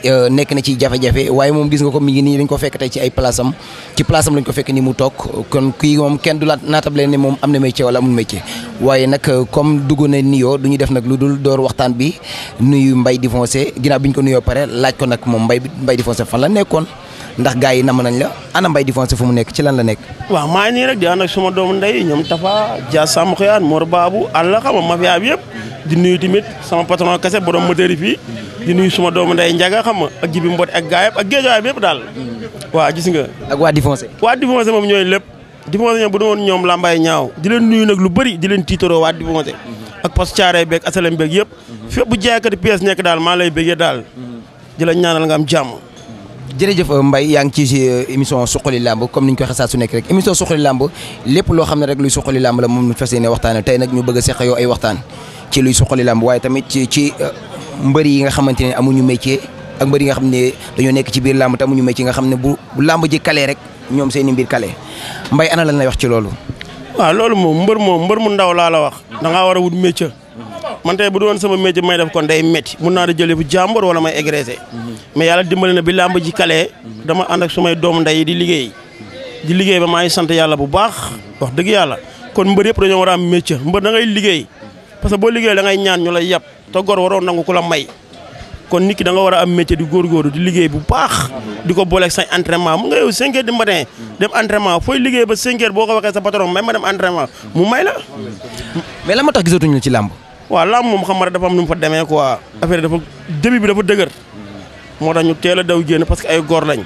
Euh, nekk na ci jafe-jafe waaye moom gis nga ko mi ngi nii dañ ko fekk tey ci ay place am ci place am lañ ko fekk ni mu toog kon kii moom kenn du la naatable ne moom am na métier wala amul métier waaye nag euh, comme dugg na niyoo du ñu def nag lu dul door waxtaan bi nuyu mbay Difoncé ginnaaw bi ñu ko nuyoo pare laaj ko nag moom Mbaye Mbaye Difoncé fan la nekkoon ndax gaay yi nam nañ la ana mbay defense fu mu nek ci lan la nek wa ma ni rek di and ak suma doomu nday ñom tafa ja sam xiyaan mor babu alla xam ma fi ab di nuyu timit sama patron kasse borom moteur fi di nuyu suma doomu nday njaga xam ak jibi mbot ak gaay ak géejaay yeb dal wa gis nga ak waa défense waa défense moom ñooy lépp défense ñoom bu doon ñom lambay ñaaw di len nuyu nak lu bari di leen tiitoro waa défense ak pas charay bek asalem bek yëpp fépp bu jaaykat pièce nekk daal lay bege dal di la ñaanal nga am jamm jërëjëf euh, Mbaye yaa ngi ci euh, émission suqali làmb comme ni ñu ko waxee saa su nekk rek émission suqali làmb lépp loo xam ne rek luy suqali làmb la moom ñu fas yéene waxtaanee tey nag ñu bëgg a seq yow ay waxtaan ci luy suqali làmb waaye tamit ci ci euh, yi nga xamante ne amuñu métier ak mbër yi nga xam ne dañoo nekk ci biir làmb te amuñu métier nga xam ne bu bu làmb ji kale rek ñoom seen i mbir kale Mbaye ana lan lay wax ci loolu. waaw loolu moom mbër moom mbër mu ndaw laa la wax man tay bu doon sama métier may def kon day metti mun na jëlé bu jambor wala may égrésé mais yalla dimbalé na bi lamb ji calé dama and ak sumay dom nday di liggéey di liggéey ba may ngi sant yàlla bu baax wax deug yalla kon mbeur yépp dañu wara am métier mbeur da ngay liggéey parce que bo liggéey da ngay ñaan ñu lay yapp to gor waro nangu kula may kon niki da nga wara am métier di gor gor di liggéey bu baax diko bolé ak say entraînement mu ngay 5 h du matin dem entraînement foy liggéey ba 5 h boko waxé sa patron may ma dem entraînement mu may la mais lama tax gisatuñu ci lamb waaw làmb moom xam nga dafa am nu mu fa demee quoi affaire dafa début bi dafa dëgër moo tax ñu teel a daw génn parce que ay góor lañ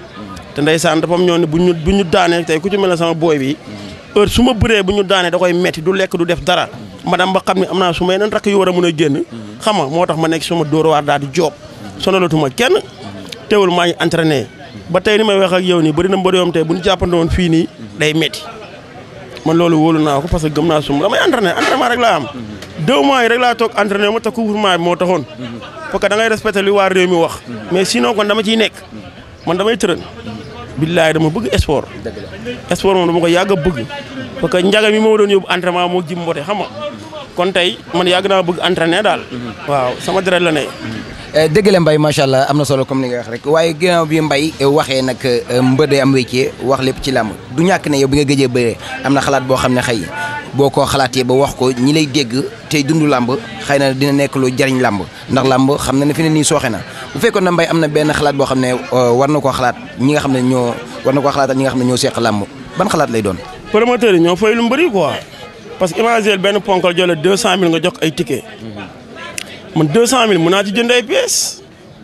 te ndeysaan dafa am ñoo ne bu ñu bu ñu daanee tey ku ci mel sama booy bi heure su ma bëree bu ñu daanee da koy metti du lekk du def dara ma ba xam ne am naa su ma yeneen rakk yu war a mën a génn xam nga moo tax ma nekk suma dóor waar daal di joob sonalatuma kenn teewul maa ngi entraîné ba tey ni may wax ak yow nii bëri na mbër yoom tey bu ñu jàppandoon fii nii day metti man loolu wóolu naa ko parce que gëm naa suma damay entraîné entraînement rek laa am. deux mois yi toog entraîné ma te couvrement moo taxoon. parce que da ngay respecté li waa réew mi wax. mais sinon kon dama ciy nekk. man damay tërën. billaay dama bëgg sport. dëgg la sport moom dama ko yàgg a bëgg. parce que njaga mi ma doon yóbbu entraînement moo jim mbote xam kon tey man yàgg naa bëgg entraîner daal. Mhm. waaw sama deret la ne. Eh, dëgg la Mbaye macha allah am na solo comme ni nga wax rek waaye ginnaaw bi Mbaye eh, waxee nag eh, mbëd am wéccee wax lépp ci làmb du ñàkk ne yow bi nga gëjee bëree am na xalaat boo xam ne xëy boo ko xalaatee ba wax ko ñi lay dégg tey dund làmb xëy na dina nekk lu jariñ làmb ndax làmb xam na ne fi ne nii sooxe na bu fekkoon na Mbaye am na benn xalaat boo xam ne war na ko xalaat ñi nga ne ñoo war na koo xalaatal ñi nga xam ne ñoo seq làmb ban xalaat lay doon. parce que imagine ben ponkal jël 200000 nga jox ay ticket. man 200000 mun naa ci jënd ay pièces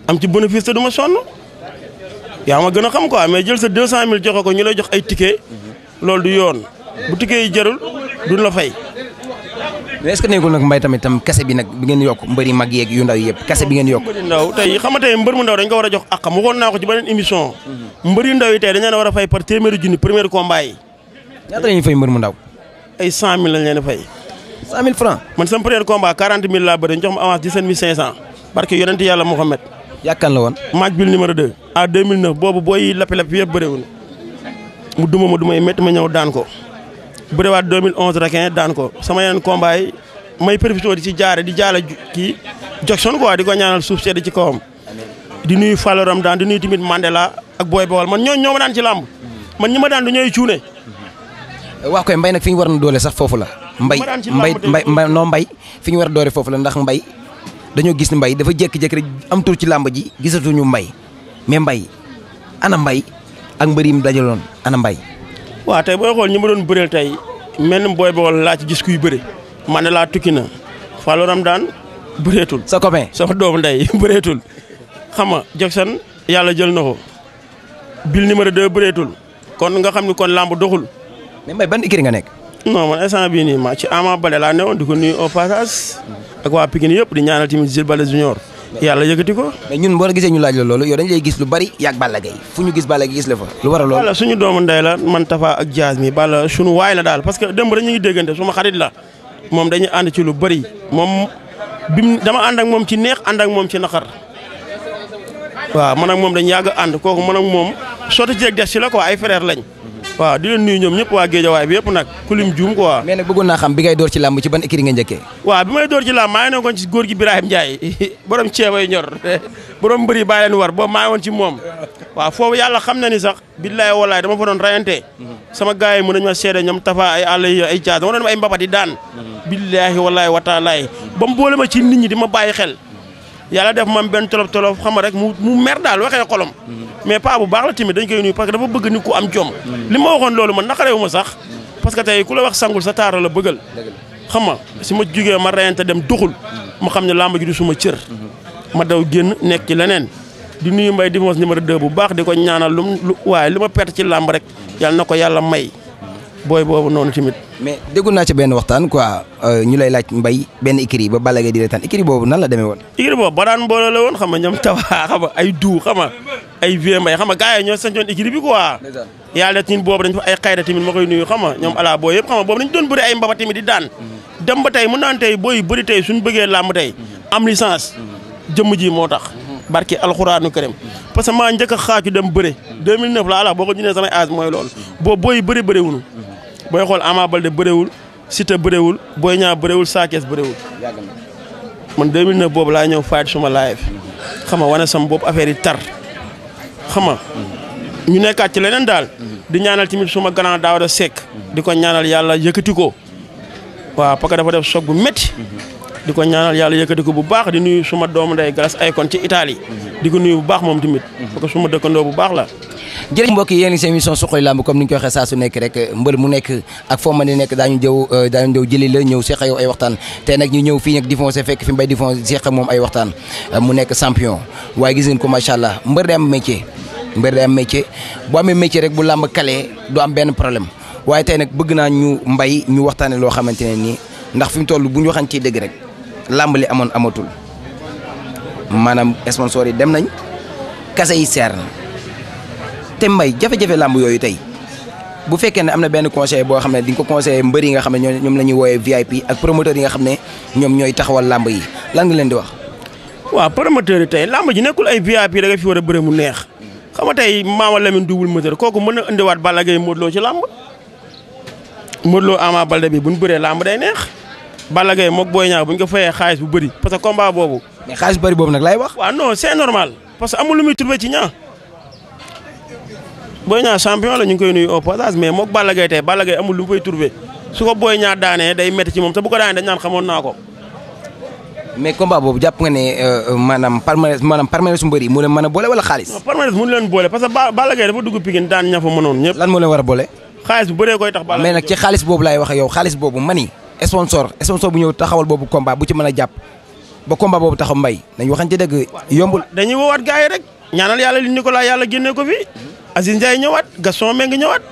am ci bénéfice te du ma sonn ma gëna xam quoi mais jël sa 200000 jox ko ñu lay jox ay ticket lool du yoon bu ticket yi jërul duñ la fay. mais est-ce que nekkul nak mbay tamit tam kasse bi nak bi ngeen yokk mbëri mag yeeg yu ndaw yëpp kasse bi ngeen yok ndaw tay xam tay mbeur mu ndaw dañ ko wara a jox akam waxoon naa ko ci benen émission. Mhm. mbëri ndaw yi tay dañ leen wara fay par téeméeri junni premier combat yi. ñaata la ñuy fay mbeur mu ndaw. ay cent mille lañ leen di fay. cent mille francs. man sama premier combat quarante mille laa bëri ñu jox ma avance dix sept mille cinq barke yonent yàlla Mouhamed. yàkkan la woon. match bi numéro 2. à 2009 boobu booy lapp lapp yëpp bëriwul mu duma yi métti ma daan ko bëriwaat 2011 daan ko sama yeneen may profité di ci jaare di jaale kii Jackson quoi di ko suuf sedd ci kawam. di nuyu Falloram daan di nuyu tamit Mandela ak Boy Bawol man ñooñu daan ci làmb man ñi daan du cuune waaw koy mbay nag fi ñu war na doole sax foofu la mbay mbay mbay noo mbay fi ñu war a doole foofu la ndax mbay dañoo gis mbay dafa jékki-jékki rek am tur ci làmb ji gisatuñu mbay mais mbay ana mbay ak mbër yi dajaloon ana mbay waaw tey boo xool ñi ma bëreel tey mel ni booy bool laa ci gis kuy bëre man ne laa tukki na Fallou Ramdan bëreetul sa copain sama doomu ndey bëreetul xam nga Jackson yàlla jël na ko bil numéro 2 bëreetul kon nga xam ni kon làmb doxul mais Mbaye ban écurie nga nek non man instant bi ni ma ci Ama balé la newoon di ko au passage. ak wa pikini yop di ñaanal timi balé Junior. yalla yëkëti ko. mais ñun la gisé ñu laaj la loolu yow dañ lay gis lu bari yak Balla gay fu ñu gis Balla Gaye gis la fa. lu wara a wala suñu doomu nday la man Tafa ak jazz mi Balla suñu way la dal parce que demb dañ ñi déggante suma xarit la mom dañ and ci lu bari mom bim dama and ak mom ci neex and ak mom ci naxar waaw man ak mom dañ yag and koku man ak mom jeeg dess ci la ko ay frère lañ waaw di len nuyu ñep wa waa way bi yep nak ku lim juum quoi. mais nak bëggoon na xam bi ngay door ci lamb ci ban écurie nga ñëkke waaw bi may door ci lamb maa ngi nekkoon ci góor gi ibrahim jaay borom ceebay ñor borom mbëri ba len war bo maa ngi ci mom waaw fofu yalla xam na ni sax billahi wallahi dama fa doon rayante sama gaay muna mën ma sédé ñom tafa ay allah yi ay caas dama doon ay mbapat yi daan mhm. billahi wallahi wa ta'ala bam boole ma ci nit ñi di ma xel yàlla def mam benn tolof tolof xam rek mu mu mer daal waxee xolom mm-hmm. mais paa bu baax la tamit dañ koy nuyu parce que dafa bëgg ni ku am jom mm-hmm. li ma waxoon loolu man naqarewu ma sax mm-hmm. parce que tey ku la wax sangul sa taara la bëggal xam nga su ma jugee ma reyante dem doxul ma xam ne làmb ji du suma cër ma daw génn nekk ci leneen di nuyu Mbaye Dimanche numéro 2 bu baax di ko ñaanal lu waaye li ma perte ci làmb rek yàlla na ko yàlla may booy boobu noonu tamit. mais déggu naa ci benn waxtaan quoi euh, ñu lay laaj mbay benn écurie ba Balla Gaye di retaan écurie boobu nan la demee woon. écurie boobu ba daan mbooloo woon xam nga ñoom tawa xam nga ay du xam nga ay vieux mbay xam nga gars ñoo sañcoon écurie bi quoi. yàlla tamit boobu dañ fa ay xayda tamit ma koy nuyu xam nga ñoom ala booy yëpp xam boobu dañ doon bëri ay mbaba tamit di daan. Mhm. dem ba tey mu naan booy bëri tey suñu bëggee làmb tey mhm. am licence mhm. jëmm ji moo tax barke alxuraanu karim parce que maa njëkk a xaaju dem bëre 2009 la ala boo ko ñu nee samay âge mooy booy bëri bëri booy xool Ama Baldé bëréwul Siteu bëréwul Boy Niang bëréwul Sa Thiès bëréwul man 2009 boobu laa ñëw fayit suma live xam nga wane sama bopp affaire yi tar xam nga ñu nekkaat ci leneen daal di ñaanal tamit suma grand daaw da sekk di ko ñaanal yàlla yëkkati ko waaw parce que dafa métti di ko ñaanal yàlla yëkkati ko bu baax di nuyu suma doomu ndey Glass Icon ci Italie di ko nuyu bu baax moom tamit parce que suma dëkkandoo bu baax la jërëjëf mbokk yi yéen seen émission suqali lamb comme ni ñu ko saa su nekk rek mbër mu nekk ak foo mën nekk daañu jëw euh, daañu jëw jëli la ñëw seq yow ay waxtaan te nag ñu ñëw fii nag défoncé fekk fi mbay défoncé seq moom ay waxtaan euh, mu nekk champion waaye gis ngeen ko macha allah mbër day am métier mbër day am métier bu amee métier rek bu làmb kalee du am benn problème waaye tey nag bëgg naa ñu mbay ñu waxtaane loo xamante ne nii ndax fi mu toll bu ñu waxan ciy dëgg rek lambali le amon amatul manam sponsor yi dem nañ kasse yi ser na te mbay jafe-jafe lamb yoyu tay bu fekkee amna am na conseil bo xamné ne ko conseil mbeuri nga xamné ñom lañuy woyé VIP ak promoteur yi nga xamné ñom ñoy taxawal lamb yi lan nga leen di wax. wa promoteur yi lamb ji nekul ay VIP da nga fi wara bëre mu neex xam nga tay mama Lamine double moteur koku mëna ci lamb modlo Ama balde bi bu ñu lamb day neex. Balla Gaye moog Boy Niang bu ñu ko fayee xaalis bu bëri parce que combat boobu. mais xaalis bu bëri boobu nag lay wax. waaw non c'est normal parce que amul lu muy ci ñaa Boy Niang champion la ñu ngi koy nuyu au passage mais moog Balla Gaye tey Balla Gaye amul lu mu fay trouvé su ko Boy Niang daanee day métti ci moom te bu ko daanee dañ naan naa ko. mais combat boobu jàpp nga ne euh, euh, maanaam palmarès maanaam palmarès su mbëri mu a boole wala xaalis. non palmarès mu leen boole a boole. xaalis boobu laay wax yow xaalis boobu mani sponsor sponsor bu ñëw taxawal boobu combat bu ci mën a jàpp ba combat boobu taxaw mbay nañu waxante dëgg yombul. dañuy woowaat gars yi rek ñaanal yàlla li Nicolas yàlla génnee ko fi Aziz Ndiaye ñëwaat Gaston Mbengue ñëwaat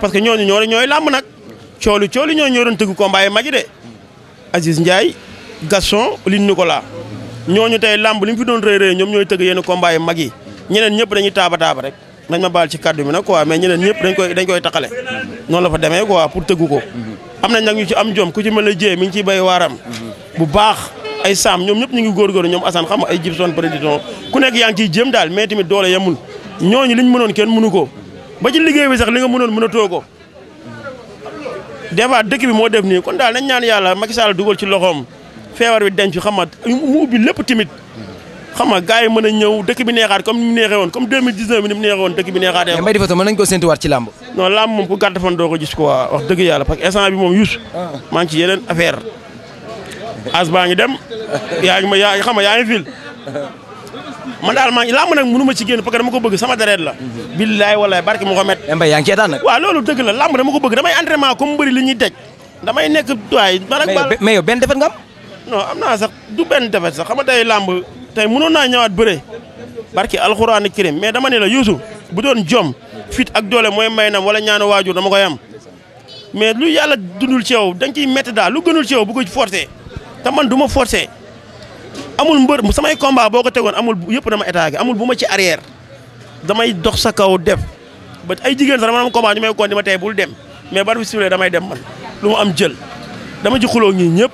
parce que ñooñu ñoo ñooy làmb nag coolu coolu ñoo ñoo doon tëgg combat yi maji de Aziz Ndiaye Gaston li Nicolas ñooñu tey làmb li mu fi doon rëy ñoom ñooy tëgg yenn combat yi mag yi ñeneen ñëpp dañuy taaba taaba rek nañ ma baal ci kaddu bi na quoi mais ñeneen ñëpp dañ koy dañ koy taxale noonu la fa demee quoi pour ko am nañ nag ñu ci am jom ku ci mel ne Dieng mi ngi ciy béy waaram bu baax ay saam ñoom ñëpp ñu ngi góor góorgóorlu ñoom Assane xam nga ay Gibson prédiction ku nekk yaa ngi ciy jéem daal mais tamit doole yemul ñooñu liñ mënoon kenn mënu ko ba ci liggéey bi sax li nga mënoon mënatoo ko des fois dëkk bi moo def nii kon daal nañ ñaan yàlla Macky Sall dugal ci loxoom feebar bi denc xam nga mu ubbi lépp timit xam nga gars yi mën a ñëw dëkk bi neexaat comme ni mu neexee woon comme 2019 bi ni dëkk bi neexaatee. mais Mbaye di Fatou mën nañu ci làmb. non làmb moom ku gàtt fan ko gis quoi wax dëgg parce que instant bi moom yus. Ah. maa ngi ci yeneen affaire as dem yaa ngi ma yaa xam nga yaa ngi fil man daal maa ngi làmb nag mënu ma ci génn parce que dama ko bëgg sama deret la mhm. billaay wallaay barke Mouhamed Mbaye yaa ngi ci nag waaw loolu dëgg la làmb dama ko bëgg damay entraînement comme mbëri li ñuy dej damay nga no am naa sax du benn defet sax xam nga tey làmb tey mënoon naa ñëwaat bëre barki alxuraan kirim mais dama ne la Youssou bu doon jom fit ak doole mooy may nam wala ñaanu waajur dama koy am mais lu yàlla dundul ci yow da nga ciy métti daal lu gënul ci yow bu ko forcé te man du ma forcé amul mbër samay combat boo ko tegoon amul yëpp dama état amul bu ma ci arrière damay dox sa kaw def ba ay jigéen sax dama am combat ñu ma tey bul dem mais bari bi damay dem man lu mu am jël dama ci ñii ñëpp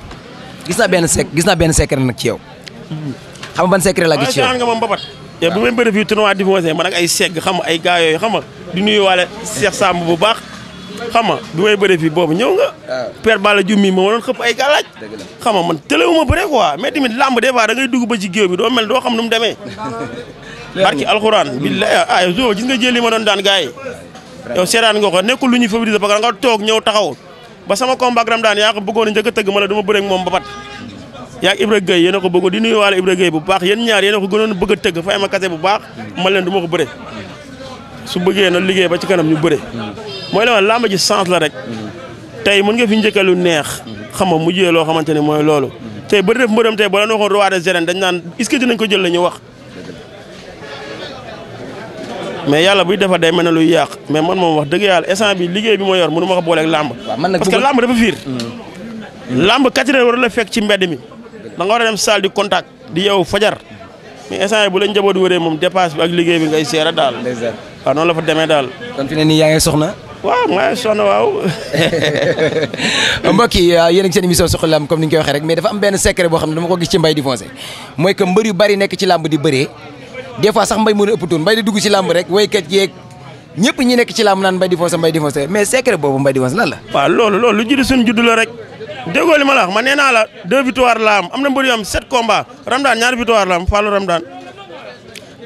gis naa benn sec gis naa benn secret nag ci yow. xam nga ban secret laa gis ci yow waaw nga ma mbabat. waaw bu may bëri fii tournoi di foncé man ak ay segg xam nga ay gars yooyu xam nga di nuyuwaale Cheikh Samb bu baax. xam bi may bëree boobu ñëw nga. waaw Père Balla Diouf mii ma xëpp ay galaaj. dëgg la xam nga man tëlewuma bëre quoi mais tamit làmb des fois da ngay dugg ba ci bi doo mel doo xam nu mu demee. barki alxuraan. billahi ah yow gis nga jëli ma doon daan gars yi. yow seetaan nga ko nekkul lu ñuy favoriser parce que nga ba sama a ba yaa ak Ibra Gueye yéen a ko bëgg di nuyuwaale Ibra Gueye bu baax yéen ñaar yéen a ko gënoon bëgg a tëgg fay ma kase bu baax man ko bëre su bëggee na liggéey ba ci kanam ñu bëre mooy la làmb ji sens la rek tey mën nga fi njëkkal lu neex xam nga mujjee loo xamante ne mooy loolu tey ba def mbërëm tey ba leen waxoon roi dañ naan est-ce ko jël la ñu wax mais yàlla buy defar day mel ne luy yàq mais man moom wax dëgg yàlla instant bi liggéey bi ma yor mënu ma ko booleeg làmb parce que làmb dafa fiir mm. làmb quatre heures war la fekk ci mbedd mi da nga war a dem salle di contact di yow fajar mais instant yi bu la njaboot wëree moom dépasse bi ak liggéey bi ngay seera daal. waaw noonu la fa demee daal. kon fi ne nii yaa ngi soxna. waaw maa ngi soxna waaw. mbokk yi ah, yéen a ngi waxee rek mais dafa am benn secret boo xam ne dama ko gis ci mbay di foncé mooy que mbër yu bari nekk ci làmb di bëree des fois sax mbay mën a ëpp tuun mbay di dugg ci lamb rek waykat yeeg ñëpp ñi nekk ci làmb naan mbay di foncé mbay di foncé mais secret boobu mbay di foncé lan la. waaw loolu loolu lu juddu suñu juddu rek déggoo li ma la wax man nee naa la deux victoires la am am na mbër yu am sept combats Ramdaan ñaari victoire la am Fallou Ramdaan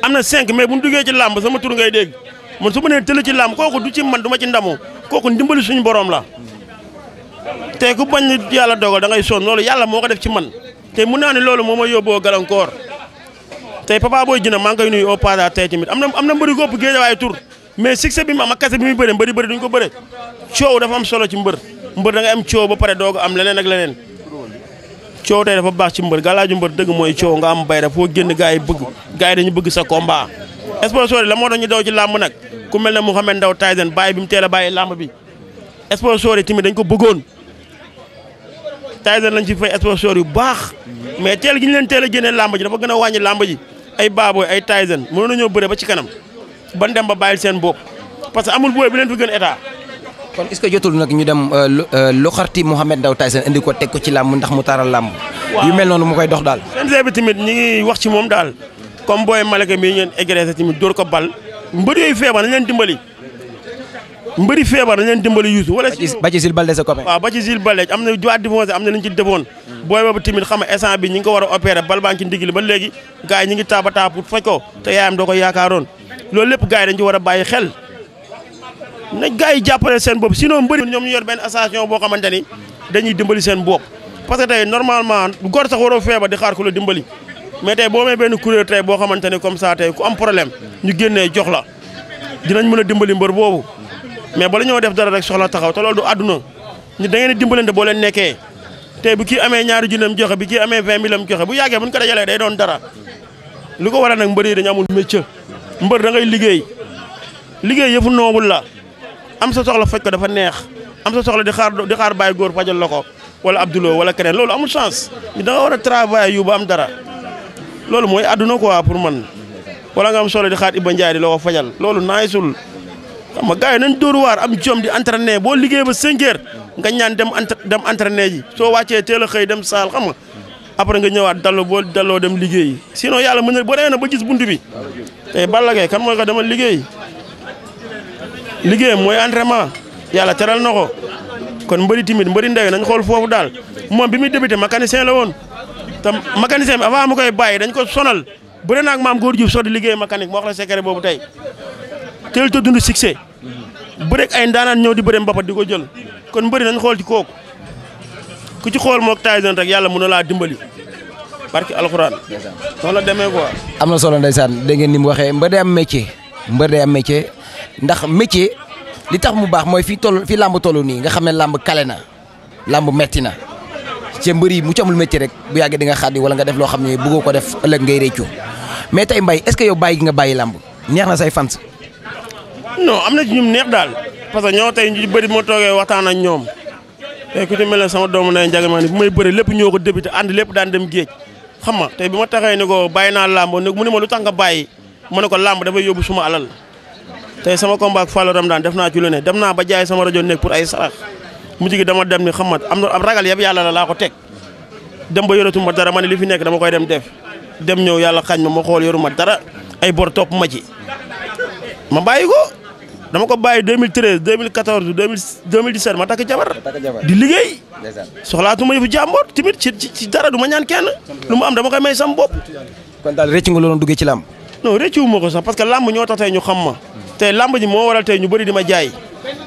am na cinq mais bu ñu duggee ci làmb sama tur ngay dégg man su ma nee ci làmb kooku du ci man du ma ci ndamoo kooku ndimbali suñu borom la te ku bañ yàlla dogal da ngay sonn loolu yàlla moo ko def ci man te mun naa ne loolu moo ma yóbboo gàllankoor tey Papa Boy Djiné maa ngi koy nuyu au passage tey tamit am na am na mbëri góob géej waaye tur mais succès bi mu am ak kase ko bëre coow dafa am solo ci mbër mbër da ngay am coow ba pare doog am leneen ak leneen coow tey dafa baax ci mbër galaaju mbër dëgg mooy coow nga am bayra foo génn gaa yi bëgg gars yi dañu bëgg sa combat. sponsor yi la moo tax ñu daw ci làmb nag ku mel ne Mouhamed Ndao Tyson bàyyi bi mu teel a bàyyi làmb bi sponsor yi tamit dañ ko bëggoon Tyson lañ ci fay sponsor yu baax mais teel gi ñu leen teel a génnee làmb ji dafa gën a wàññi làmb ji ay baabooy ay Tyson mënoon nañoo bëre ba ci kanam ban dem ba bàyyi seen bopp parce que amul booy bi leen gën état. kon est-ce que jotul nag ñu dem euh, lu euh, xarti Mouhamed Ndao Tyson indi ko teg ko ci làmb ndax mu taaral làmb. yu mel noonu mu koy dox daal. CNG bi tamit ñi wax ci moom daal comme booy Malaka mii ngeen agressé tamit dóor ko bal mbër yooyu feebar nañ leen dimbali. mbëri feebar nañ leen dimbali Youssou wala. ba ci Zil Balde sa ba ci am na waa divorcé am booy boobu tamit xam nga instant bi ñi ko war a opéré bal baa ci ndigli ba léegi gars yi taaba taab pour faj ko te yaayam doo ko yaakaaroon loolu lépp gars yi dañ war a bàyyi xel na gaay jappale sen bop sino sinon ñom ñor ben association bo xamanteni dañuy dimbali sen bop parce que tay normalement gor sax waro feba di xaar ko la dimbali mais tay bo me ben kuréel tay bo xamanteni comme ça tay ku am problème ñu génnee jox la dinañ mëna dimbali mbeur bobu mais bala ñoo def dara rek soxla taxaw ta lolou du aduna ñu da ngay di dimbalante bo leen nekké tay bu ki amé ñaaru junneem joxe bi ki amé 20000 mille am joxe bu yagge bu ko dajalee day doon dara lu ko waral nag yi dañu amul métier mbeur da ngay liggéey liggéey yëfu noobul la am sa soxla faj ko dafa neex am sa soxla di xaar di xaar bàyyi góor fajal la ko wala Abdoulou wala keneen loolu amul chance da nga war a travailler yu am dara loolu mooy ko quoi pour man wala nga am soxla di xaar Iba Ndiaye di la fajal loolu naaysul xam nga gars yi nañ waar am jom di entraîner boo liggéey ba 5 heures nga ñaan dem dem entraîner ji soo wàccee teel a xëy dem saal xam nga après nga ñëwaat dallo boo dalloo dem liggéeyi sinon yàlla mën na boo demee na ba gis buntu bi tey Balla Gaye kan liggéey liggéeyam mooy entraînement yàlla teral na ko kon mbëri timit mbëri ndee nañ xool foofu daal moom bi muy débuté mécanicien la woon te mécanicien bi avant mu koy bàyyi dañ ko sonal bëri na ak maam góor Diouf sotti liggéey mécanique moo wax la secret boobu tey teel te dund succès bëri ay ndaanaan ñëw di bëri mbappat di ko jël kon mbëri nañu xool ci kooku ku ci xool moog Tyson rek yàlla mën na laa dimbali barki alxuraan. noonu la demee quoi. am na solo ndeysaan dégg ngeen ni mu waxee mbër am métier mbër day am ndax métier li tax mu baax mooy fii toll fii làmb toll nii nga xam ne làmb kale na làmb metti na ci mbër yi mu ci amul métier rek bu yàggee di nga xàddi wala nga def loo xam ne bëggoo ko def ëllëg nga réccu mais tey Mbaye est-ce que yow bàyyi gi nga bàyyi làmb neex na say fans. non am na ci ñum neex daal parce que ñoo tey ñu bëri moo toogee waxtaan ak ñoom tey ku ci mel ne sama doomu ndey njagama ni bu may bëri lépp ñëw ko débuté ànd lépp daan dem géej xam nga tey bi ma taxee ni ko bàyyi naa làmb mu ne ma lu tax nga bàyyi ne ko làmb dafay yóbbu suma alal tey sama combat ak Fallou daan def naa ci lu ne dem naa ba jaay sama rajo nekk pour ay sarax mujj gi dama dem ni xam am na am ragal yëpp yàlla la ko teg dem ba yoratuma dara ma ne li fi nekk dama koy dem def dem ñëw yàlla xañ ma ma xool yoruma dara ay bor topp ma ci ma bàyyi ko dama ko bàyyi 2013 2014 2017 ma takk jabar di liggéey ci ci dara du ma am dama koy may sam bopp kon daal rëcc nga loolu ci làmb non rëccuwu sax parce que làmb ñoo tax tey ñu xam ma te lamb ji moo waral tey ñu bëri di ma jaay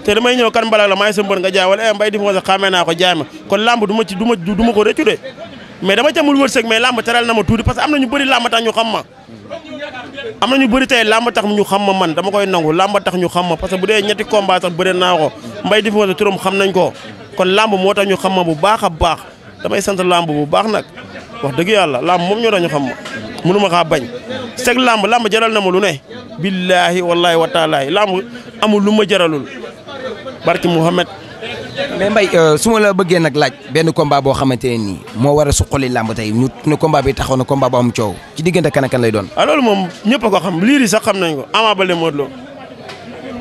te damay ñëw kan mbalaag la maay sa mbër nga jaay wala eh, mbay di ma xamee naa ko jaay ma kon lamb du ma ci du ko rëccu de mais dama ca amul wërsëg mais lamb teral na ma tuuti parce que am na ñu bëri lamb tax ñu xam ma am na ñu bëri tey lamb tax ñu xam ma man dama koy nangu lamb tax ñu xam ma parce que bu dee ñetti combat sax bëri naa ko mbay di ma sa turam xam nañ ko kon lamb moo tax ñu xam ma bu baax a baax damay sant lamb bu baax nag wax dëgg yàlla lamb moom ñoo tax xam ma mënu ma xaa bañ seg làmb làmb jaral na ma lu ne billaahi wallaahi wa taalaahi amu amul lu ma jaralul barki Mouhamed mais Mbaye euh, su ma la bëggee nag laaj benn combat boo xamante ne nii moo war a suqali làmb tey ñu ne combat bi taxaw na combat bu am coow ci diggante kan ak lay doon. ah moom ñëpp a ko xam liir yi sax xam nañ ko Ama Baldé Modou Lô.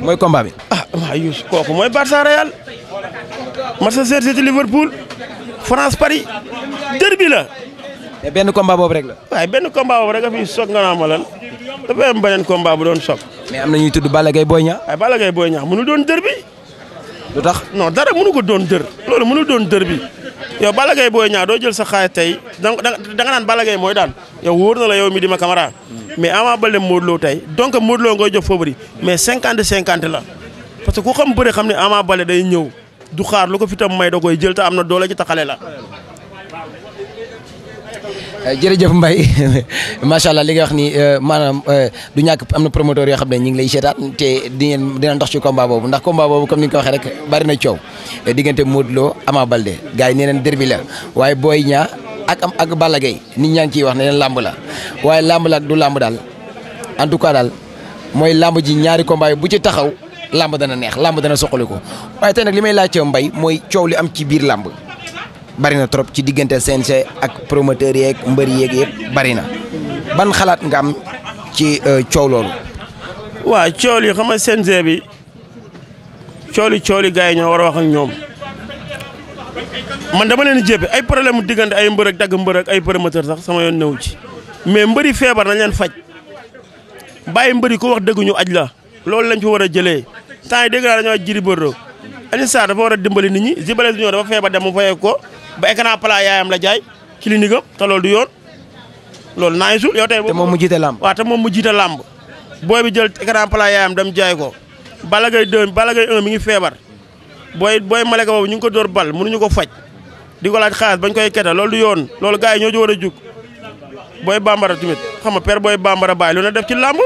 mooy combat bi. ah waaw Youssou kooku mooy Barça Real Manchester City Liverpool France Paris derby la. mais eh, benn combat boobu rek la. waaye benn combat boobu rek nga fi soog nga naan ma lan dafa am beneen combat bu doon soog. mais am na ñuy tudd Balla Gaye Boy Niang. waaye Balla Gaye Boy Niang bi. lu tax non dara mënu ko doon dër. loolu mënul doon dër bi yow Balla Gaye Boy Niang doo jël sa xaalis tey da nga naan Balla Gaye mooy daan yow wóor na la yow mi di ma Camara. mais Ama Baldé Modou Lô tey donc Modou Lô ngay jox favori mais cinquante cinquante la parce que ku xam bëre xam ne Ama Baldé day ñëw du xaar lu ko fi may da koy jël te am doole ci taxale la Eh, jërëjëf mbay macha allah li nga wax ni eh, maanaam eh, du ñàkk am na promoteur yoo xam ne ñu ngi lay seetaan te di ngeen dina dox ci combat boobu ndax combat boobu comme ni nga ko waxee rek bari na coow diggante Modou Lo Ama Balde gars yi nee nañ derby la waaye booy Niang ak am ak Balla Gaye nit ñaa ngi ciy wax ne leen la waaye làmb la du lamb daal en tout cas daal mooy lamb ji ñaari combat bu ci taxaw lamb dana neex làmb dana soqali ko waaye tey nag li may laajte mbay mooy coow li am ci biir làmb. bari na trop ci diggante CNG ak promoteur yeeg mbër yeeg yëpp bari na ban xalaat nga am ci euh, ciow lool wa ciow li xama nga CNG bi ciow li ciow li gaay ñoo war wax ak ñoom man dama leen jébé ay problème digënté ay mbeur ak dag mbeur ak ay promoteur sax sama yoon neew ci mais mbeuri feebar nañ leen fajj baye mbeuri ko wax ñu aj la lool lañ ci wara jëlé tay degg la dégg dañoo jiri bëro Alioune Sarr dafa war dimbali nit ñi Zibale Junior dafa feebar dem mu ko ba écran plat yaayam la jaay ci li ndigam te loolu du yoon loolu naa sul yow tey. te moom mu jiite làmb waaw te moom mu jiite làmb booy bi jël écran plat yaayam dem jaay ko bala ngay deux bala ngay un mi ngi feebar booy booy Malika boobu ñu ngi ko dóor bal mënuñu ko faj di ko laaj bañ koy kete loolu du yoon lool gars yi ñoo ci war a jug booy bambara tamit xam nga père booy bambara bàyyi lu ne def ci làmb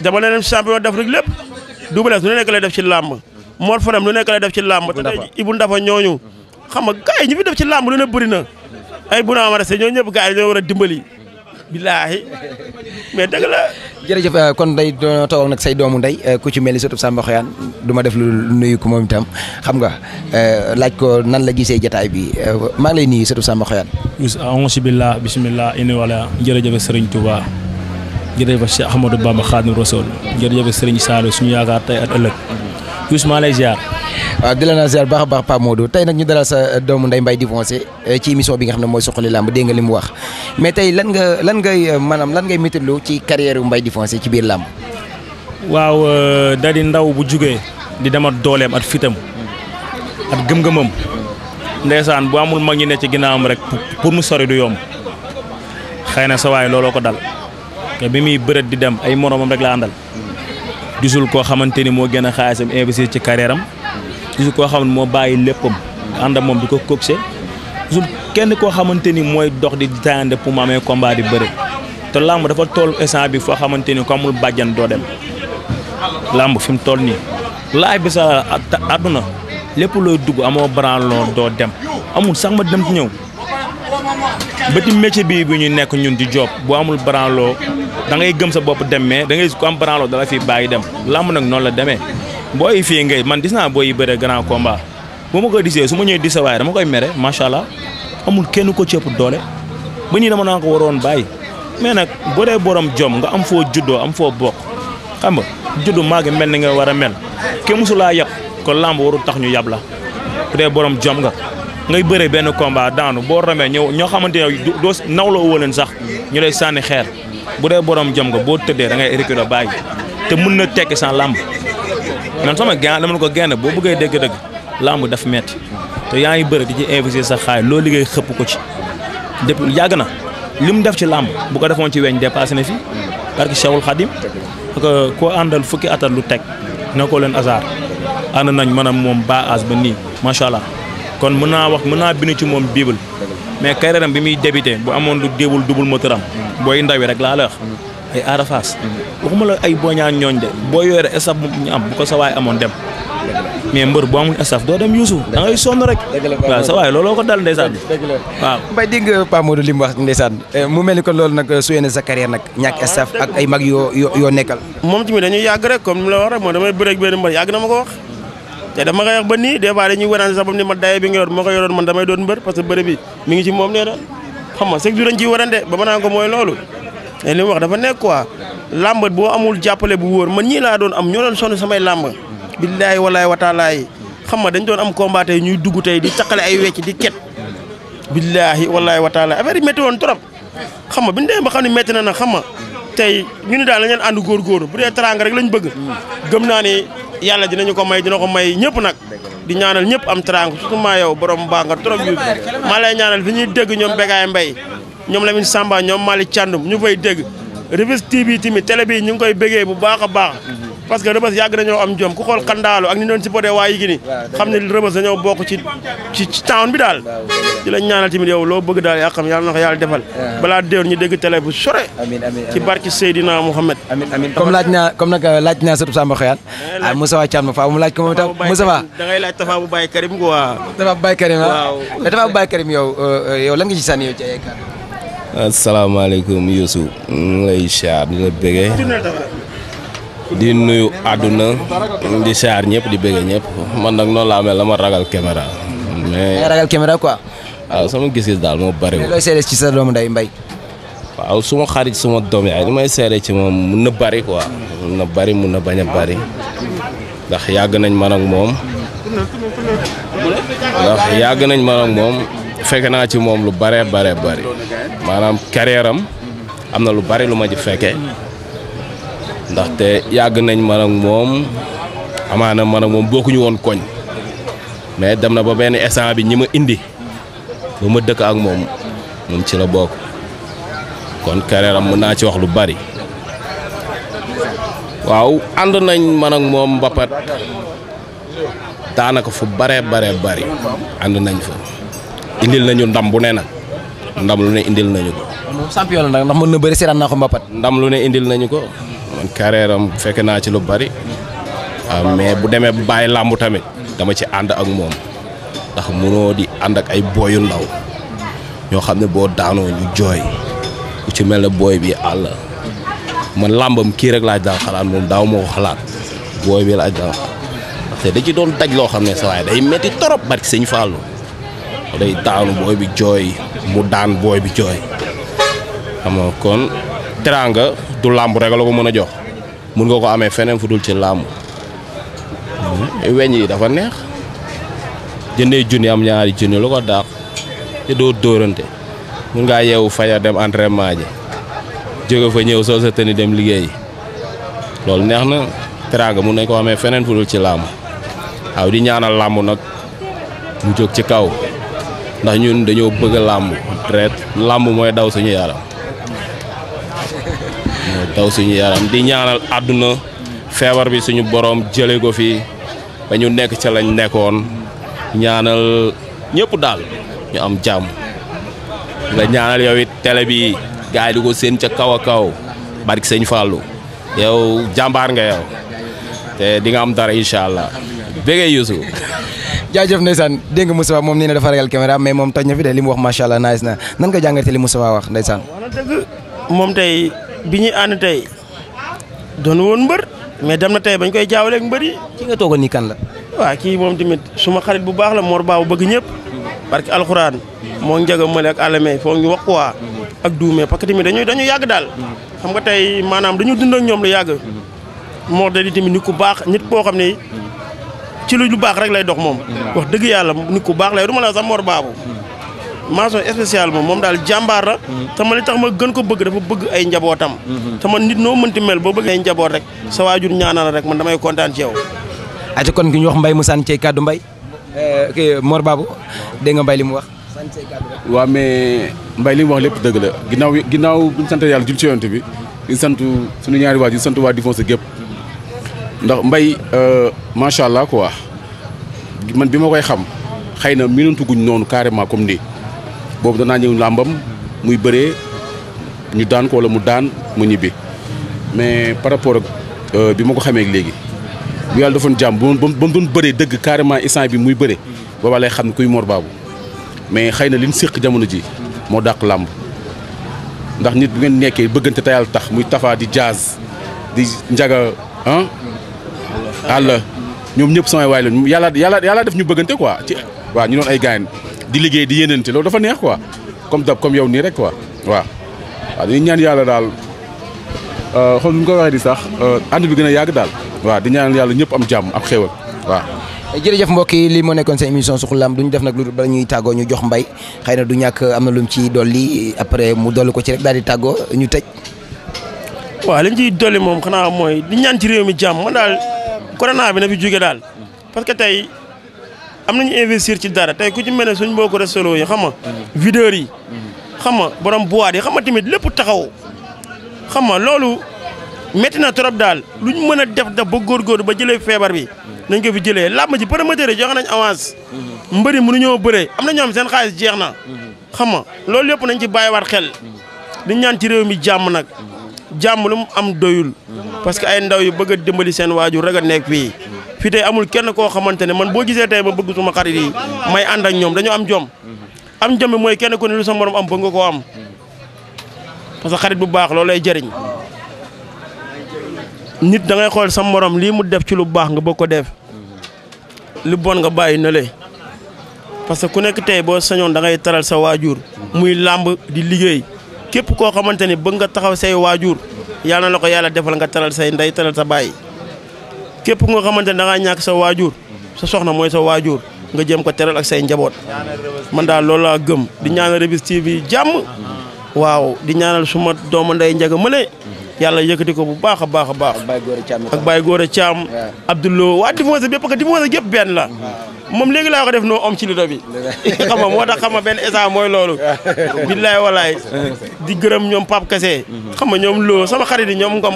dama leen champion def rek lépp Double Less lu nekk lay def ci làmb Mor Fadam lu nekk lay def ci làmb. Ibu Ndafa Ibu Ndafa ñooñu. xam nga gars def ci làmb lu ne na ay bu naa ma rese ñoo ñëpp war a dimbali billaahi mais dëgg euh, kon day toog say doomu ndey euh, ku ci mel ni sëtub Samba Xoyaan def lu nuyu ko moom itam xam nga euh, laaj ko nan la gisee jotaay bi maa ngi lay nuyu sëtub Samba Xoyaan. auzu billah bismillah inni wala jërëjëf sëriñ Touba jërëjëf Cheikh Ahmadou Bamba suñu yaakaar tey at ëllëg. tous maa lay ziar. waaw ah, di la naa ziar baax baax Modou tay nak ñu dara sa eh, doomu Ndeye Mbaye Difoncer eh, ci émission bi nga xam moy soxali lamb làmb dégg nga li wax mais tay lan nga lan nga eh, manam lan ngay métitlu ci carrière Mbaye Difoncer ci biir lamb waaw dadi di ndaw bu juggé di demat dolem at fitam at gëm-gëmam ndeysaan bu amul mag ñi ne ci ginaam rek pour mu sori du yom xeyna sa way lolo ko dal bi mi di dem ay moromam rek la andal gisul koo xamante ni moo gën a xaalisam investir ci carrière am koo xam ne moo bàyyi léppam ànd ak moom di ko coaché gisul kenn koo xamante ni mooy dox di tànnante pour mu amee combat di bëri te làmb dafa tool instant bi foo xamante ni ko amul bàjjan doo dem làmb fi mu toll nii laaj bi sa àdduna lépp looy dugg amoo branloo doo dem amul sax ma dem ñëw bëti métier bii bi ñu nekk ñun di job bu amul branloo da ngay gëm sa bop dem mais da ngay comprendre da la fi bàyyi dem lamb nak non la demee mantis fi ngay man disna boy booy yi bëre grand combat bu ma ko disee su ma ñëwee dama koy méré machallah amul kenn ko ciëp doolé ba ñi dama nako waron waroon mais nak bo dé borom jom nga am fo juddo am fo bok xam nga juddu maagi mel ni nga wara mel ke musula ko lamb waru tax ñu yab bu dé borom jom nga ngay bëre benn combat daanu boo ramee ñëw ñoo xamante ne doo nawloo woo leen sax ñu lay sànni xeer bu dee borom jom nga boo tëddee dangay ngay récupérer bàyyi te mën na tekki sans làmb man sama gan dama ko genn boo bëggee dëgg-dëgg làmb daf metti te yaa ngi bëre di ci investir sa xaay loo liggéey xëpp ko ci depuis yàgg na li mu def ci làmb bu ko defoon ci weñ dépassé na fi parce que Cheikhul Khadim ko koo àndal fukki atal lu teg na ko leen hasard ànd nañ maanaam moom baa as ba nii macha kon mën naa wax mën naa bind ci moom bible mais carrière am bi muy débuté bu amoon du débul dubul moteur am booy ndawi rek laa la wax ay arafas waxuma la ay boñaan ñooñ de boo yore staff ñu am ko sa amoon dem mais mbër boo amul staff doo dem yuusu da ngay rek waaw sa looloo ko dal ndeysaan waaw mbay li mu wax ndeysaan eh, mu mel ni kon loolu nag euh, su yéene sa carrière nag ñàkk ah, staff ak ay mag yoo yoo nekkal moom tamit dañu yàgg rek comme ni la wax rek moo damay bëreeg benn mbër yàgg na ma ko wax te dama koy wax ba nii des fois dañuy wanaan sax ni ma daye bi nga yor moo ko yoroon man damay doon mbër parce que bëri bi mi ngi ci moom nee na xam nga chaque jour dañ ciy warante ba ma naan ko mooy loolu te wax dafa nekk quoi làmb boo amul jàppale bu wóor man ñii laa doon am ñoo doon sonn samay làmb billaay walaay wataalaay xam nga dañ doon am combat tey ñuy dugg tey di taqale ay wecc di ket billaahi walaay wataalaay affaire yi métti woon trop xam nga bi ñu demee ba xam ne métti na nag xam nga tey ñu ni daal dañu ànd góorgóorlu bu dee teraanga rek lañ bëgg. gëm naa ni dinañu ko may dina ko may ñëpp nag. di ñaanal ñëpp am teraanga surtout maa yow borom baa nga trop yu maa lay ñaanal fi ñuy dégg ñoom Bécaye Mbaye la Lamine Samba ñoom Malick Thiandoum ñu fay dégg Rufisque TV tamit télé ñu ngi koy bu baax a baax. parce que rëbës yàgg nañoo am jom ku xool xandaalu ak ni doon supporté waa Yékini xam ne rëbës dañoo bokk ci ci ci town bi daal di lañ ñaanal tamit yow loo bëgg daal yaa xam yàlla na ko yàlla defal balaa déwén ñu dégg télé sore ci barki Seydina Mouhamed amiin amiin comme laaj naa comme nag laaj naa sëtu Samba Xoyaan eh, ah Moussa Wa Thiam faa mu laaj ko moom itam Moussa laaj Tafa bu Baye Karim quoi Tafa bu Baye Karim ah. eh, Karim yow eh, yow lan yow ci ay kàddu asalaamaaleykum di nuyu aduna di saar ñëpp di bëgg ñëpp man nag noonu laa mel ragal caméra mais ragal caméra quoi ah sama gis-gis dal mo bari looy seede ci sa doomu ndey mbay waaw suma xarit suma doom yaay li may seede ci moom mun na bari quoi mun na bari mun na bañ bari ndax yàgg nañ man ak moom ndax yàgg nañ man ak moom fekk ci mom lu bare bare bari manam carrière am lu bari lu ma ci ndaxte yàgg nañ man ak moom amaana man ak moom bokkuñu woon koñ mais dem na ba benn instant bi ñi ma indi ba ma dëkk ak moom moom ci la bokk kon carrière am mën naa ci wax lu bari waaw ànd nañ man ak moom mbapat daanaka fu bare bare bari ànd nañ fa indil nañu ndam bu ne nag ndam lu ne indil nañu ko. moom champion la nag ndax mën na bëri seetaan naa ko mbapat. ndam lu ne indil nañu ko. man carrière am fekke naa ci lu bari ah, mais bu demee bu bàyyi làmb tamit dama ci ànd ak moom ndax munoo di ànd ak ay booyu ndaw ñoo xam ne boo daanoo ñu jooy ku ci mel ne booy bi àll man làmbam kii rek laaj daan xalaat moom daaw moo xalaat booy bi laaj daan xalaat ndaxte da ci doon daj loo xam ne sa waaye day metti torop barki sëñ Fallou day daanu booy bi jooy mu daan booy bi jooy xam nga kon teranga du lamb rek la ko meuna jox mën nga ko amé fenen fudul ci lamb hmm. wéñ yi dafa neex jëne junni am ñaari junni lu ko daax te do dóorante mën nga yeewu faya dem entraînement ji jëge fa ñew so sa tëni dem liggéey loolu neex na teranga mën nga ko amé fenen fudul ci lamb aw di ñaanal lamb nak mu jog ci kaw ndax ñun dañoo bëgg lamb ret lamb moy daw suñu yaram daw suñu yaram di ñaanal àdduna feebar bi suñu boroom jëlee ko fi ba ñu nekk ca lañ nekkoon ñaanal ñëpp daal ñu am jàmm nga ñaanal yow it tele bi gaay di ko seen ca kaw a kaw barki sëñ Fallou yow jàmbaar nga yow te di nga am dara incha allah bëggee Youssou. jaajëf ndeysaan dégg nga Moustapha moom nee na dafa ragal caméra mais moom toj na fi de li mu wax macha allah nice na nan nga jàngatee li Moustapha wax ndeysaan. moom tey. bi ñuy tay don won mbeur mais dem na tay bañ koy jaawaleeg ak mbeuri ki nga togo ni kan la. wa ki mom timit suma xarit bu baax la Mor baaw bëgg ñëpp. barki alquran mo moo male ak alame fo ngi wax quoi. ak duumee parce que tamit dañuy dañu yag dal xam nga tay manam dañu dund ak ñom lu yag Mor de di tamit nit ku baax nit koo xamni ci lu baax rek lay dox mom wax deug yalla nit ku baax lay du la sa Mor Baabu. mention spéciale moom moom daal jàmbaar la te tax ma gën ko bëgg dafa bëgg ay njabootam tama nit noo mënti mel boo bëgg ay njaboot rek sa waajur ñaanal rek man damay kontaan ci yow aca kon gi ñu wax Mbaye mu sànni cey kàddu mbay euh, ok Mor Babou dégg nga Mbaye li mu wax waaw mais Mbaye li mu lépp dëgg la ginnaaw ginnaaw bu sant yàlla jul ci yonent bi sant suñu ñaari waajur di sant waa Difonse gépp ndax Mbaye euh, macha allah quoi man bi ma koy xam xëy na miinantuguñ noonu carrément comme nii boobu danaa ñëw làmbam muy bëree ñu daan ko wala mu daan mu ñibbi mais par rapport ak euh, bi ma ko xamee léegi bu yàlla defoon jàmm ba mu doon bëree dëgg carrément instant bi muy bëree boobaa lay xam ne kuy Mor Babou mais xëy na li ñu séq jamono ji moo dàq làmb ndax nit bu ngeen nekkee bëggante te yàlla tax muy tafaa di jazz di njaga ah àll ñoom ñëpp samay waay la yàlla yàlla yàlla def ñu bëggante quoi ci ñu doon ay gaayen di liggéey di yéenante loolu dafa neex quoi comme dab comme yow nii rek quoi waaw. waaw ñaan yàlla daal euh, xool nu ko waxee di sax euh, ànd bi gën a yàgg daal waaw di ñaan yàlla ñëpp am jàmm ak xéewal waaw. jërëjëf mbokk yi lii moo nekkoon seen émission Soxla Lamb du ñu def nag lu bala ñuy tàggoo ñu jox mbay xëy na du ñàkk am na lu mu dolli après mu dolli ko ci rek daal di tàggoo ñu tëj. waa li ñu ciy dolli moom xanaa mooy di ñaan ci réew mi jàmm man daal ko bi na am nañu investir ci dara tey ku ci mel ne suñ mbokku restaurant yi xam nga. videurs yi. xam nga borom boîte yi xam nga tamit lépp taxaw xam nga loolu metti na trop daal lu ñu mën a def da ba góor góor ba jëlee feebar bi. nañ ko fi jëlee làmb ji promoteur yi jox nañ avance. mbëri mënuñoo bëree am na ñoom seen xaalis jeex na. xam nga loolu lépp nañ ci bàyyiwaat xel. di ñaan ci réew mi jàmm nag. jàmm lu mu am doyul. parce que ay ndaw yu bëgg a dimbali seen waajur rek a nekk fii. fi amul kenn koo xamantene man bo gisee tay ma bëgg suma xarit yi may nyom ak ñom dañu am jom am jom moy kenn ko ne lu sa morom am ba nga ko am parce que xarit bu baax lolay jëriñ nit da ngay xol sa morom li mu def ci lu baax nga bako def lu bon nga bayyi na le parce que ku nekk tay bo sañon da ngay taral sa wajur muy lamb di liggey kep koo xamante ne nga taxaw say wajur yalla nako yalla defal nga taral say nday taral sa baay. képp nga xamante ne da sa waajur sa soxna mooy sa waajur nga jéem ko teral ak say njaboot man daa loolu laa gëm di ñaanal Reubeuss TV jàmm waaw di ñaanal suma doomu ndey njaga mële yàlla yëkkati ko bu baax a baax a baax ak Baye Gora Thiam Abdoulou waa difonse bépp parce que difonse yëpp benn la moom léegi laa ko def noo om ci lido bi xam nga moo tax xam nga benn instant mooy loolu billaay walaay di gërëm ñoom Pape Kase mm-hmm. xam nga ñoom loo sama xarit yi ñoom ngom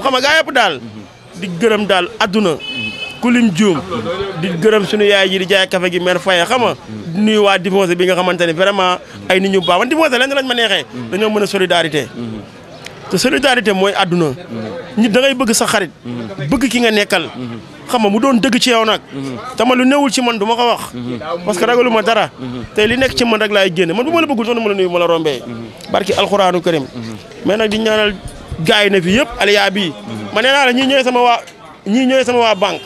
daal mm-hmm. di gërëm daal adduna ku lim juum di gërëm sunu yaay ji di jaay kafe gi mer faye xam nga nuyu waa divorcé bi nga xamante ne vraiment ay nit ñu baax man divorcé lenn lañ ma neexee dañoo mën a solidarité te solidarité mooy adduna nit da ngay bëgg sax xarit bëgg ki nga nekkal xam nga mu doon dëgg ci yow nag tama lu newul ci man du ma ko wax parce que ragalu ma dara te li nekk ci mën rek laay génne man bu ma la bëggul nu ma la nuyu ma la rombee barki alxuraanu mais nag di ñaanal gaay na fi yëpp aliyaa bi ma nee naa la ñii ñooy sama waa ñii ñooy sama waa banque.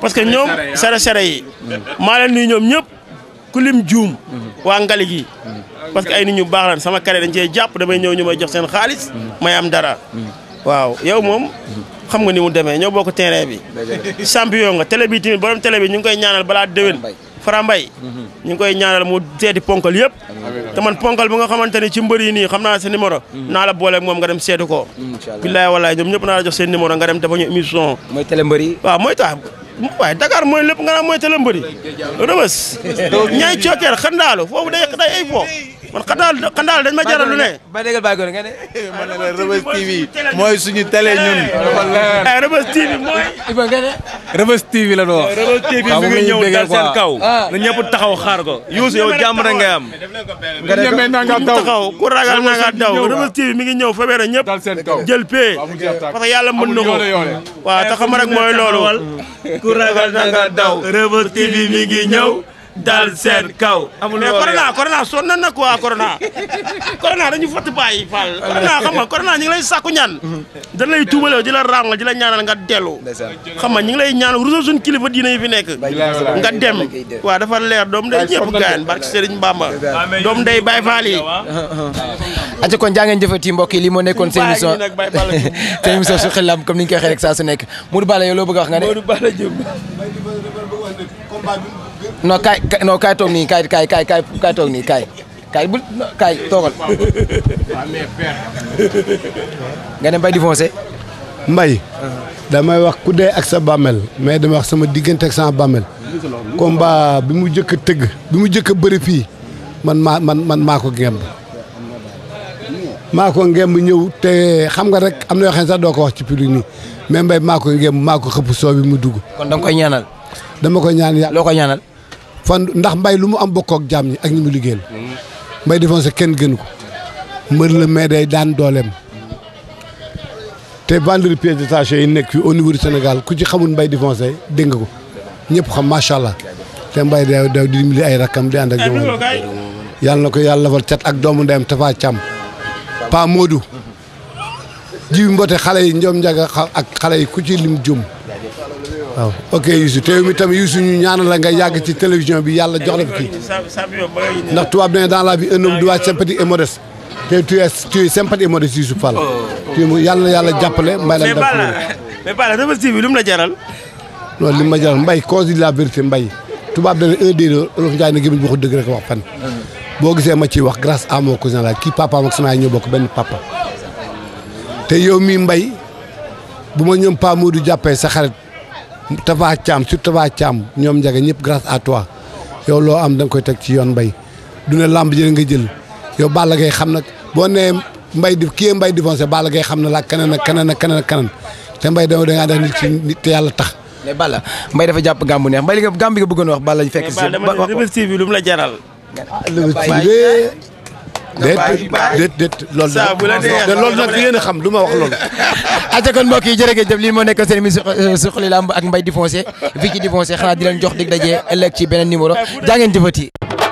parce que ñoom sere sere yi. maa leen nuyu ñoom ñëpp ku lim juum. waa ngali gi. parce que ay nit ñu baax lan sama carré dañ cee jàpp damay ñëw ñu may jox seen xaalis. may am dara. waaw yow moom. xam nga ni mu demee ñoo bokk terrain bi. champion nga télé bi tamit ñu ngi koy ñaanal balaa déwén. farambay mhm. ñu ngi koy ñaanal mu sédi ponkal yépp té man ponkal bu nga xamanteni ci mbeuri ni xamna sa numéro mhm. na la booleeg mom nga dem seeti ko billahi wallahi ñom ñëpp na la jox seen numéro nga dem dafa émission moy télé mbeuri wa moy tax Dakar moy lépp nga naan mooy télé mbeuri yi rëbës ñaay cookeer xandaalu foofu day day ay man xandaal xandaal dañ ma jaral lu ne. ba déggal bàyyi góor nga ne. ma ne la Reubeuss TV mooy suñu télé ñun. waaw Reubeuss TV mooy. Iba nga ne. TV la doon wax. Ah. Reubeuss TV mi ngi ñëw dal seen kaw. na taxaw xaar ko. Youssou yow jàmm rek ngay am. nga ku ragal na daw Reubeuss TV mi ngi ñëw feebar ñëpp. dal seen kaw jël pee. parce que yàlla mën na ko waaw mooy loolu. ku ragal na daw Reubeuss TV mi ngi ñëw. dal seen kaw. amul mais ya, ah, corona corona sonn na quoi corona. corona dañu fott bàyyi Fall. corona xam nga corona ñu lay sàkku ñaan. dañ lay tuubaloo di la ràng di la ñaanal nga dellu. xam nga ñu lay ñaanal kilifa yi fi nga dem dafa leer day ñëpp gaan barke Serigne Bamba. day Baye Fall yi. aca kon jaa ngeen mbokk yi lii moo nekkoon seen émission seen émission su xelam comme ni rek su Modou bëgg wax nga ne. Modou No kai no kai tok ni kai kai kai kai kai tok ni kai kai bu kaay toogal. nga ne bay di foncé. mbay damay wax kudé ak sa bàmmel mais dama wax sama digënté ak sa bàmmel. combat bi mu jëk teug bi mu jëk bëri man man man mako ko mako maa ko ngemb ñëw te xam nga rek am na yoo xam ne ko wax ci public ni mais mbay mako ko mako xëpp soobi mu dugg. kon da koy ñaanal. dama koy ñaan ya loo koy ñaanal. fan ndax mbay lu mu am bokk ak jaam ñi ak ñi mu liggéeyal mbay défense kenn gënu ko mbër la mais day daan dooleem te vendeur pièces détachées yi nekk fii au niveau Sénégal ku ci xamul mbay défense dégg nga ko ñëpp xam macha allah te mbay day daw di dimbali ay rakkam di ànd ak jamono yàlla na ko yàlla defal cat ak doomu ndeyam Tafa Thiam Pa Modou jiw mboote xale yi ñoom njaga ak xale yi ku ci lim jum waaw ok Youssou te yow mi tamit Youssou ñu ñaanal la nga yàgg ci télévision bi yàlla jox la kii ndax tubaab nee dans la vie un homme doit être sympathique et modeste te tu es tu es sympathique et modeste yàlla na yàlla jàppale mbay la daf mais lu la jaral non li ma jaral mbay cause de la vérité mbay tubaab dana un déedéet Olof Njaay na gémmiñ waxul dëgg rek wax fan boo gisee ma ciy wax grâce à mon cousin la kii papaam ak sama ñoo bokk benn papa te yow mi mbay bu ma ñoom Pa Modou jàppee sa xarit Tafa Thiam surtout Tafa Thiam ñoom njage ñëpp grâce à toi yow loo am da nga koy teg ci yoon mbay du ne làmb jële nga jël yow baala gay xam nag boo nee mbay di kii mbay défoncé baala gay xam ne la keneen ak keneen ak keneen ak keneen te mbay dama da ngaa def nit ci te yàlla tax. jàpp gàmbu neex mbay li nga gàmb bi nga ba wax mais Balla dama ne déet déet loolu de loolu nag yéen a xam du ma wax loolu aca kon mbokk yi jërëjëf lii moo nekk seen émission euh, Suxali Lamb ak Mbaye di foncé fii ci di foncé xanaa di leen jox dig dajee ëllëg ci beneen numéro jaa ngeen jëfati